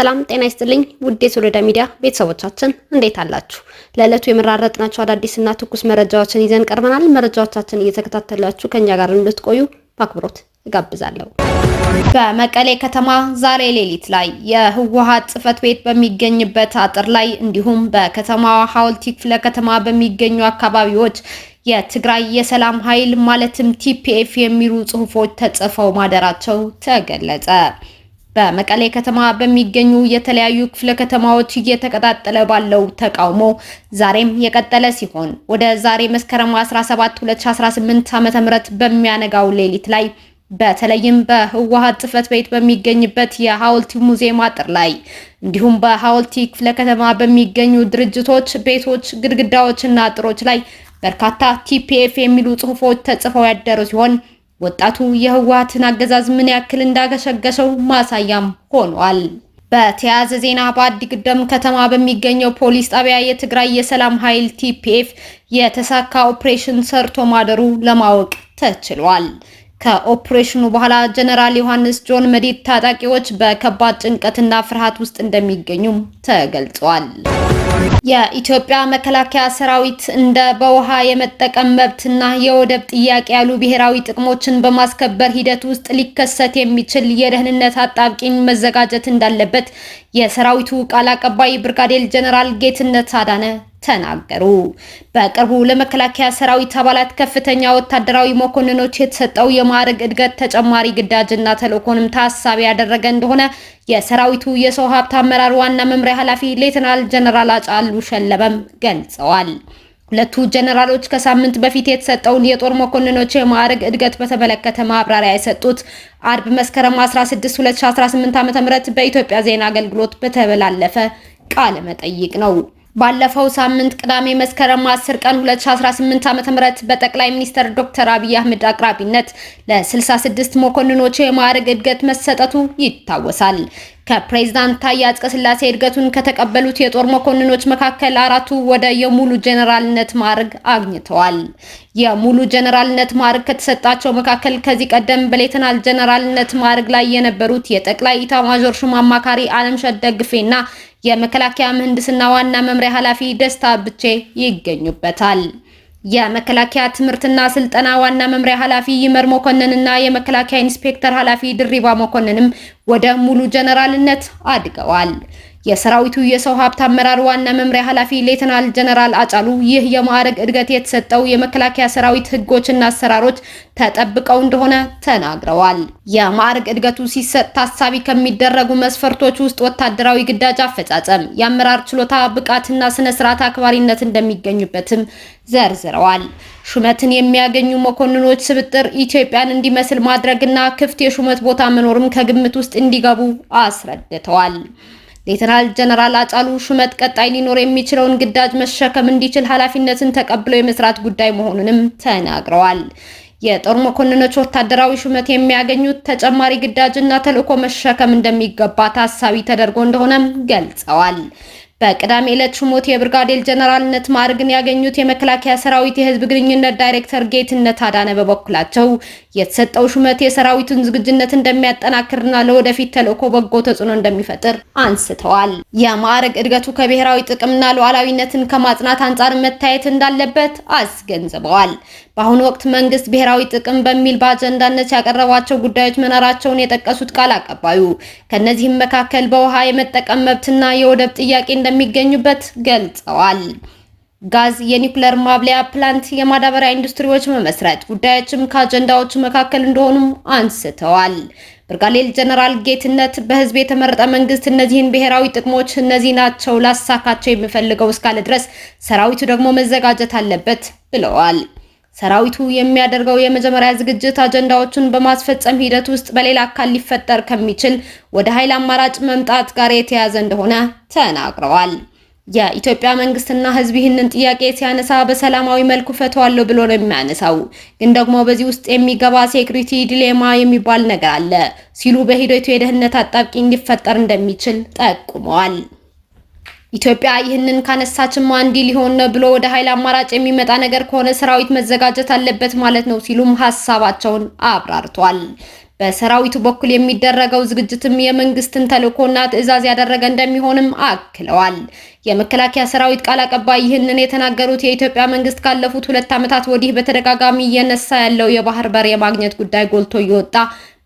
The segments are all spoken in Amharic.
ሰላም ጤና ይስጥልኝ ውድ የሶሎዳ ሚዲያ ቤተሰቦቻችን እንዴት አላችሁ? ለዕለቱ የመራረጥናቸው አዳዲስና ትኩስ መረጃዎችን ይዘን ቀርበናል። መረጃዎቻችን እየተከታተላችሁ ከኛ ጋር እንድትቆዩ በአክብሮት እጋብዛለሁ። በመቀሌ ከተማ ዛሬ ሌሊት ላይ የህወሓት ጽህፈት ቤት በሚገኝበት አጥር ላይ እንዲሁም በከተማዋ ሐውልቲ ክፍለ ከተማ በሚገኙ አካባቢዎች የትግራይ የሰላም ኃይል ማለትም ቲፒኤፍ የሚሉ ጽሁፎች ተጽፈው ማደራቸው ተገለጸ። በመቀሌ ከተማ በሚገኙ የተለያዩ ክፍለ ከተማዎች እየተቀጣጠለ ባለው ተቃውሞ ዛሬም የቀጠለ ሲሆን ወደ ዛሬ መስከረም 17 2018 ዓ.ም በሚያነጋው ሌሊት ላይ በተለይም በህወሓት ጽህፈት ቤት በሚገኝበት የሐውልቲ ሙዚየም አጥር ላይ እንዲሁም በሐውልቲ ክፍለ ከተማ በሚገኙ ድርጅቶች፣ ቤቶች፣ ግድግዳዎችና አጥሮች ላይ በርካታ ቲፒኤፍ የሚሉ ጽሁፎች ተጽፈው ያደሩ ሲሆን ወጣቱ የህወሓትን አገዛዝ ምን ያክል እንዳገሸገሸው ማሳያም ሆኗል። በተያያዘ ዜና በአዲግደም ከተማ በሚገኘው ፖሊስ ጣቢያ የትግራይ የሰላም ኃይል ቲፒኤፍ የተሳካ ኦፕሬሽን ሰርቶ ማደሩ ለማወቅ ተችሏል። ከኦፕሬሽኑ በኋላ ጀነራል ዮሐንስ ጆን መዲድ ታጣቂዎች በከባድ ጭንቀትና ፍርሃት ውስጥ እንደሚገኙም ተገልጿል። የኢትዮጵያ መከላከያ ሰራዊት እንደ በውሃ የመጠቀም መብትና የወደብ ጥያቄ ያሉ ብሔራዊ ጥቅሞችን በማስከበር ሂደት ውስጥ ሊከሰት የሚችል የደህንነት አጣብቂኝ መዘጋጀት እንዳለበት የሰራዊቱ ቃል አቀባይ ብርጋዴር ጀነራል ጌትነት አዳነ ተናገሩ። በቅርቡ ለመከላከያ ሰራዊት አባላት ከፍተኛ ወታደራዊ መኮንኖች የተሰጠው የማዕረግ እድገት ተጨማሪ ግዳጅና ተልእኮንም ታሳቢ ያደረገ እንደሆነ የሰራዊቱ የሰው ሀብት አመራር ዋና መምሪያ ኃላፊ ሌትናል ጀነራል አጫሉ ሸለበም ገልጸዋል። ሁለቱ ጀነራሎች ከሳምንት በፊት የተሰጠውን የጦር መኮንኖች የማዕረግ እድገት በተመለከተ ማብራሪያ የሰጡት አርብ መስከረም 16 2018 ዓ.ም በኢትዮጵያ ዜና አገልግሎት በተበላለፈ ቃለ መጠይቅ ነው። ባለፈው ሳምንት ቅዳሜ መስከረም 10 ቀን 2018 ዓ.ም በጠቅላይ ሚኒስትር ዶክተር አብይ አህመድ አቅራቢነት ለ66 መኮንኖች የማዕረግ እድገት መሰጠቱ ይታወሳል። ከፕሬዝዳንት ታዬ አጽቀሥላሴ እድገቱን ከተቀበሉት የጦር መኮንኖች መካከል አራቱ ወደ የሙሉ ጀኔራልነት ማዕረግ አግኝተዋል። የሙሉ ጀኔራልነት ማዕረግ ከተሰጣቸው መካከል ከዚህ ቀደም በሌተናል ጀኔራልነት ማዕረግ ላይ የነበሩት የጠቅላይ ኢታማዦር ሹም አማካሪ አለምሸት ደግፌና የመከላከያ ምህንድስና ዋና መምሪያ ኃላፊ ደስታ ብቼ ይገኙበታል። የመከላከያ ትምህርትና ስልጠና ዋና መምሪያ ኃላፊ ይመር መኮንንና የመከላከያ ኢንስፔክተር ኃላፊ ድሪባ መኮንንም ወደ ሙሉ ጀነራልነት አድገዋል። የሰራዊቱ የሰው ሀብት አመራር ዋና መምሪያ ኃላፊ ሌተናል ጀነራል አጫሉ ይህ የማዕረግ እድገት የተሰጠው የመከላከያ ሰራዊት ህጎችና አሰራሮች ተጠብቀው እንደሆነ ተናግረዋል። የማዕረግ እድገቱ ሲሰጥ ታሳቢ ከሚደረጉ መስፈርቶች ውስጥ ወታደራዊ ግዳጅ አፈጻጸም፣ የአመራር ችሎታ፣ ብቃትና ስነ ስርዓት አክባሪነት እንደሚገኙበትም ዘርዝረዋል። ሹመትን የሚያገኙ መኮንኖች ስብጥር ኢትዮጵያን እንዲመስል ማድረግና ክፍት የሹመት ቦታ መኖርም ከግምት ውስጥ እንዲገቡ አስረድተዋል። ሌተናል ጀነራል አጫሉ ሹመት ቀጣይ ሊኖር የሚችለውን ግዳጅ መሸከም እንዲችል ኃላፊነትን ተቀብለው የመስራት ጉዳይ መሆኑንም ተናግረዋል። የጦር መኮንኖች ወታደራዊ ሹመት የሚያገኙት ተጨማሪ ግዳጅና ተልዕኮ መሸከም እንደሚገባ ታሳቢ ተደርጎ እንደሆነም ገልጸዋል። በቅዳሜ ዕለት ሹመት የብርጋዴር ጀነራልነት ማዕረግን ያገኙት የመከላከያ ሰራዊት የህዝብ ግንኙነት ዳይሬክተር ጌትነት አዳነ በበኩላቸው የተሰጠው ሹመት የሰራዊቱን ዝግጁነት እንደሚያጠናክርና ለወደፊት ተልእኮ በጎ ተጽዕኖ እንደሚፈጥር አንስተዋል። የማዕረግ እድገቱ ከብሔራዊ ጥቅምና ሉዓላዊነትን ከማጽናት አንጻር መታየት እንዳለበት አስገንዝበዋል። በአሁኑ ወቅት መንግስት ብሔራዊ ጥቅም በሚል በአጀንዳነት ያቀረባቸው ጉዳዮች መኖራቸውን የጠቀሱት ቃል አቀባዩ ከእነዚህም መካከል በውሃ የመጠቀም መብትና የወደብ ጥያቄ እንደሚገኙበት ገልጸዋል። ጋዝ፣ የኒውክሌር ማብለያ ፕላንት፣ የማዳበሪያ ኢንዱስትሪዎች መመስረት ጉዳዮችም ከአጀንዳዎቹ መካከል እንደሆኑም አንስተዋል። ብርጋዴር ጀነራል ጌትነት በህዝብ የተመረጠ መንግስት እነዚህን ብሔራዊ ጥቅሞች እነዚህ ናቸው ላሳካቸው የሚፈልገው እስካለ ድረስ ሰራዊቱ ደግሞ መዘጋጀት አለበት ብለዋል። ሰራዊቱ የሚያደርገው የመጀመሪያ ዝግጅት አጀንዳዎቹን በማስፈጸም ሂደት ውስጥ በሌላ አካል ሊፈጠር ከሚችል ወደ ኃይል አማራጭ መምጣት ጋር የተያያዘ እንደሆነ ተናግረዋል። የኢትዮጵያ መንግስትና ህዝብ ይህንን ጥያቄ ሲያነሳ በሰላማዊ መልኩ ፈተዋለሁ ብሎ ነው የሚያነሳው። ግን ደግሞ በዚህ ውስጥ የሚገባ ሴኩሪቲ ዲሌማ የሚባል ነገር አለ ሲሉ በሂደቱ የደህንነት አጣብቂኝ ሊፈጠር እንደሚችል ጠቁመዋል። ኢትዮጵያ ይህንን ካነሳችማ እንዲህ ሊሆን ነው ብሎ ወደ ኃይል አማራጭ የሚመጣ ነገር ከሆነ ሰራዊት መዘጋጀት አለበት ማለት ነው ሲሉም ሀሳባቸውን አብራርቷል። በሰራዊቱ በኩል የሚደረገው ዝግጅትም የመንግስትን ተልእኮና ትዕዛዝ ያደረገ እንደሚሆንም አክለዋል። የመከላከያ ሰራዊት ቃል አቀባይ ይህንን የተናገሩት የኢትዮጵያ መንግስት ካለፉት ሁለት ዓመታት ወዲህ በተደጋጋሚ እየነሳ ያለው የባህር በር የማግኘት ጉዳይ ጎልቶ እየወጣ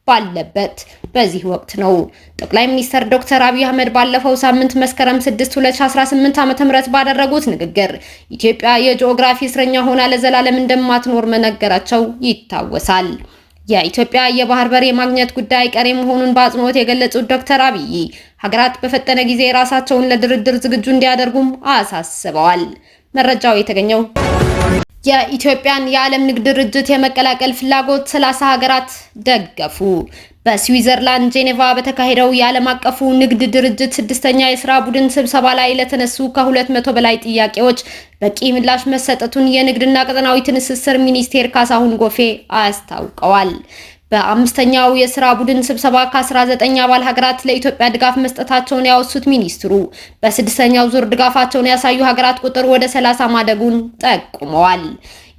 ባለበት በዚህ ወቅት ነው ጠቅላይ ሚኒስትር ዶክተር አብይ አህመድ ባለፈው ሳምንት መስከረም 6 2018 ዓ.ም ባደረጉት ንግግር ኢትዮጵያ የጂኦግራፊ እስረኛ ሆና ለዘላለም እንደማትኖር መነገራቸው ይታወሳል። የኢትዮጵያ የባህር በር የማግኘት ጉዳይ ቀሪ መሆኑን በአጽንኦት የገለጹት ዶክተር አብይ ሀገራት በፈጠነ ጊዜ ራሳቸውን ለድርድር ዝግጁ እንዲያደርጉም አሳስበዋል። መረጃው የተገኘው የኢትዮጵያን የዓለም ንግድ ድርጅት የመቀላቀል ፍላጎት 30 ሀገራት ደገፉ። በስዊዘርላንድ ጄኔቫ በተካሄደው የዓለም አቀፉ ንግድ ድርጅት ስድስተኛ የስራ ቡድን ስብሰባ ላይ ለተነሱ ከሁለት መቶ በላይ ጥያቄዎች በቂ ምላሽ መሰጠቱን የንግድና ቀጠናዊ ትስስር ሚኒስቴር ካሳሁን ጎፌ አስታውቀዋል። በአምስተኛው የስራ ቡድን ስብሰባ ከ19 አባል ሀገራት ለኢትዮጵያ ድጋፍ መስጠታቸውን ያወሱት ሚኒስትሩ በስድስተኛው ዙር ድጋፋቸውን ያሳዩ ሀገራት ቁጥር ወደ 30 ማደጉን ጠቁመዋል።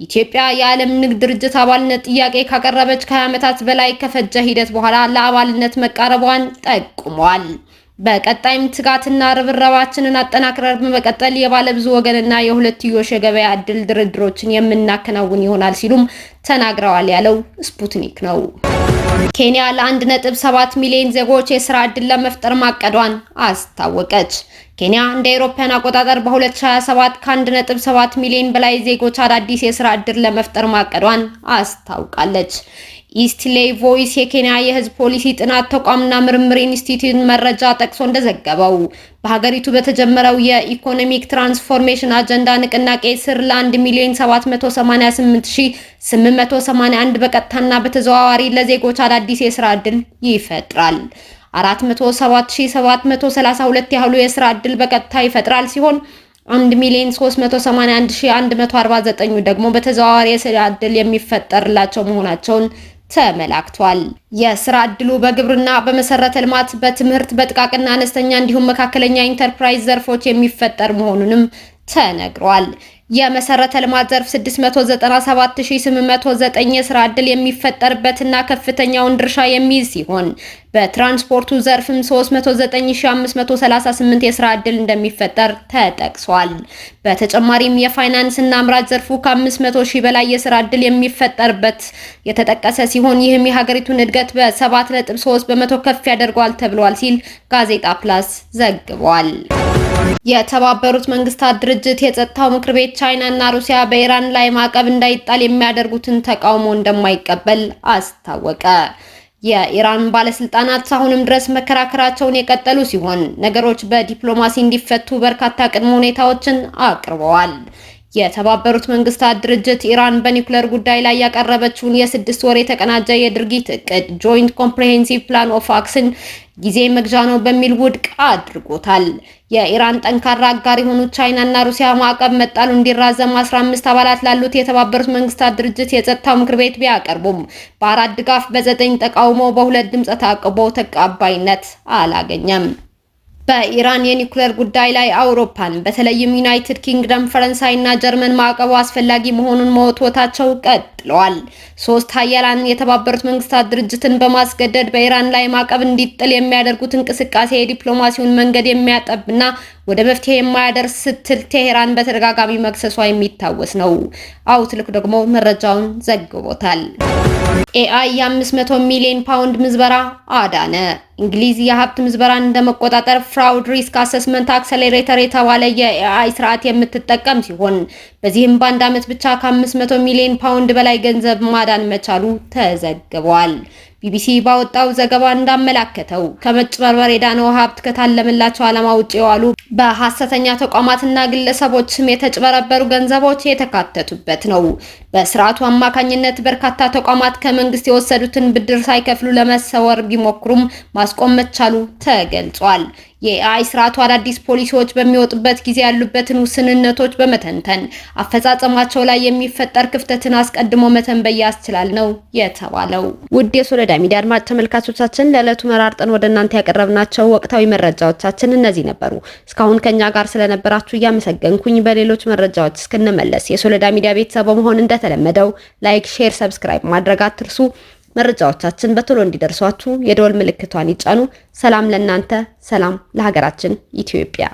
ኢትዮጵያ የዓለም ንግድ ድርጅት አባልነት ጥያቄ ካቀረበች ከ20 ዓመታት በላይ ከፈጀ ሂደት በኋላ ለአባልነት መቃረቧን ጠቁመዋል። በቀጣይም ትጋትና ርብረባችንን አጠናክረን በመቀጠል የባለብዙ ወገንና የሁለትዮሽ የገበያ እድል ድርድሮችን የምናከናውን ይሆናል ሲሉም ተናግረዋል ያለው ስፑትኒክ ነው። ኬንያ ለ1.7 ሚሊዮን ዜጎች የስራ እድል ለመፍጠር ማቀዷን አስታወቀች። ኬንያ እንደ አውሮፓውያን አቆጣጠር በ2027 ከ1.7 ሚሊዮን በላይ ዜጎች አዳዲስ የስራ ዕድል ለመፍጠር ማቀዷን አስታውቃለች። ኢስትሌይ ቮይስ የኬንያ የህዝብ ፖሊሲ ጥናት ተቋምና ምርምር ኢንስቲትዩት መረጃ ጠቅሶ እንደዘገበው በሀገሪቱ በተጀመረው የኢኮኖሚክ ትራንስፎርሜሽን አጀንዳ ንቅናቄ ስር ለ1 ሚሊዮን 788881 በቀጥታና በተዘዋዋሪ ለዜጎች አዳዲስ የስራ ዕድል ይፈጥራል። 477732 ያህሉ የስራ እድል በቀጥታ ይፈጥራል ሲሆን 1 ሚሊዮን 381149 ደግሞ በተዘዋዋሪ የስራ እድል የሚፈጠርላቸው መሆናቸውን ተመላክቷል። የስራ እድሉ በግብርና፣ በመሰረተ ልማት፣ በትምህርት፣ በጥቃቅና አነስተኛ እንዲሁም መካከለኛ ኢንተርፕራይዝ ዘርፎች የሚፈጠር መሆኑንም ተነግሯል። የመሰረተ ልማት ዘርፍ 697809 የስራ ዕድል የሚፈጠርበትና ከፍተኛውን ድርሻ የሚይዝ ሲሆን በትራንስፖርቱ ዘርፍም 309538 የስራ ዕድል እንደሚፈጠር ተጠቅሷል። በተጨማሪም የፋይናንስ እና አምራች ዘርፉ ከ500 ሺህ በላይ የስራ ዕድል የሚፈጠርበት የተጠቀሰ ሲሆን ይህም የሀገሪቱን እድገት በ7.3 በመቶ ከፍ ያደርገዋል ተብሏል ሲል ጋዜጣ ፕላስ ዘግቧል። የተባበሩት መንግስታት ድርጅት የጸጥታው ምክር ቤት ቻይና እና ሩሲያ በኢራን ላይ ማዕቀብ እንዳይጣል የሚያደርጉትን ተቃውሞ እንደማይቀበል አስታወቀ። የኢራን ባለስልጣናት አሁንም ድረስ መከራከራቸውን የቀጠሉ ሲሆን ነገሮች በዲፕሎማሲ እንዲፈቱ በርካታ ቅድመ ሁኔታዎችን አቅርበዋል። የተባበሩት መንግስታት ድርጅት ኢራን በኒውክሌር ጉዳይ ላይ ያቀረበችውን የስድስት ወር የተቀናጀ የድርጊት እቅድ ጆይንት ኮምፕሬሄንሲቭ ፕላን ኦፍ አክሽን ጊዜ መግዣ ነው በሚል ውድቅ አድርጎታል። የኢራን ጠንካራ አጋር የሆኑት ቻይና እና ሩሲያ ማዕቀብ መጣሉ እንዲራዘም አምስት አባላት ላሉት የተባበሩት መንግስታት ድርጅት የጸጥታው ምክር ቤት ቢያቀርቡም በአራት ድጋፍ፣ በዘጠኝ ተቃውሞ፣ በሁለት ድምፀ ተአቅቦ ተቀባይነት አላገኘም። በኢራን የኒውክሌር ጉዳይ ላይ አውሮፓን በተለይም ዩናይትድ ኪንግደም፣ ፈረንሳይና ጀርመን ማዕቀቡ አስፈላጊ መሆኑን መወትወታቸው ቀጥ ብለዋል። ሶስት ሀያላን የተባበሩት መንግስታት ድርጅትን በማስገደድ በኢራን ላይ ማዕቀብ እንዲጥል የሚያደርጉት እንቅስቃሴ የዲፕሎማሲውን መንገድ የሚያጠብና ወደ መፍትሄ የማያደርስ ስትል ቴሄራን በተደጋጋሚ መክሰሷ የሚታወስ ነው። አውትልክ ደግሞ መረጃውን ዘግቦታል። ኤአይ የ500 ሚሊዮን ፓውንድ ምዝበራ አዳነ። እንግሊዝ የሀብት ምዝበራን እንደመቆጣጠር ፍራውድ ሪስክ አሰስመንት አክሰሌሬተር የተባለ የኤአይ ስርዓት የምትጠቀም ሲሆን በዚህም በአንድ ዓመት ብቻ ከ500 ሚሊዮን ፓውንድ በላይ ገንዘብ ማዳን መቻሉ ተዘግቧል። ቢቢሲ ባወጣው ዘገባ እንዳመላከተው ከመጭበርበር የዳነው ሀብት ከታለመላቸው ዓላማ ውጭ የዋሉ በሐሰተኛ ተቋማትና ግለሰቦች የተጨበረበሩ የተጭበረበሩ ገንዘቦች የተካተቱበት ነው። በስርዓቱ አማካኝነት በርካታ ተቋማት ከመንግስት የወሰዱትን ብድር ሳይከፍሉ ለመሰወር ቢሞክሩም ማስቆም መቻሉ ተገልጿል። የኤአይ ስርዓቱ አዳዲስ ፖሊሲዎች በሚወጡበት ጊዜ ያሉበትን ውስንነቶች በመተንተን አፈጻጸማቸው ላይ የሚፈጠር ክፍተትን አስቀድሞ መተንበይ ያስችላል ነው የተባለው። ውድ የሶለዳ ሚዲያ አድማጭ ተመልካቾቻችን ለዕለቱ መራርጠን ወደ እናንተ ያቀረብናቸው ወቅታዊ መረጃዎቻችን እነዚህ ነበሩ። እስካሁን ከኛ ጋር ስለነበራችሁ እያመሰገንኩኝ በሌሎች መረጃዎች እስክንመለስ የሶለዳ ሚዲያ ቤተሰብ በመሆን እንደተለመደው ላይክ፣ ሼር፣ ሰብስክራይብ ማድረግ አትርሱ። መረጃዎቻችን በቶሎ እንዲደርሷችሁ የደወል ምልክቷን ይጫኑ። ሰላም ለእናንተ፣ ሰላም ለሀገራችን ኢትዮጵያ።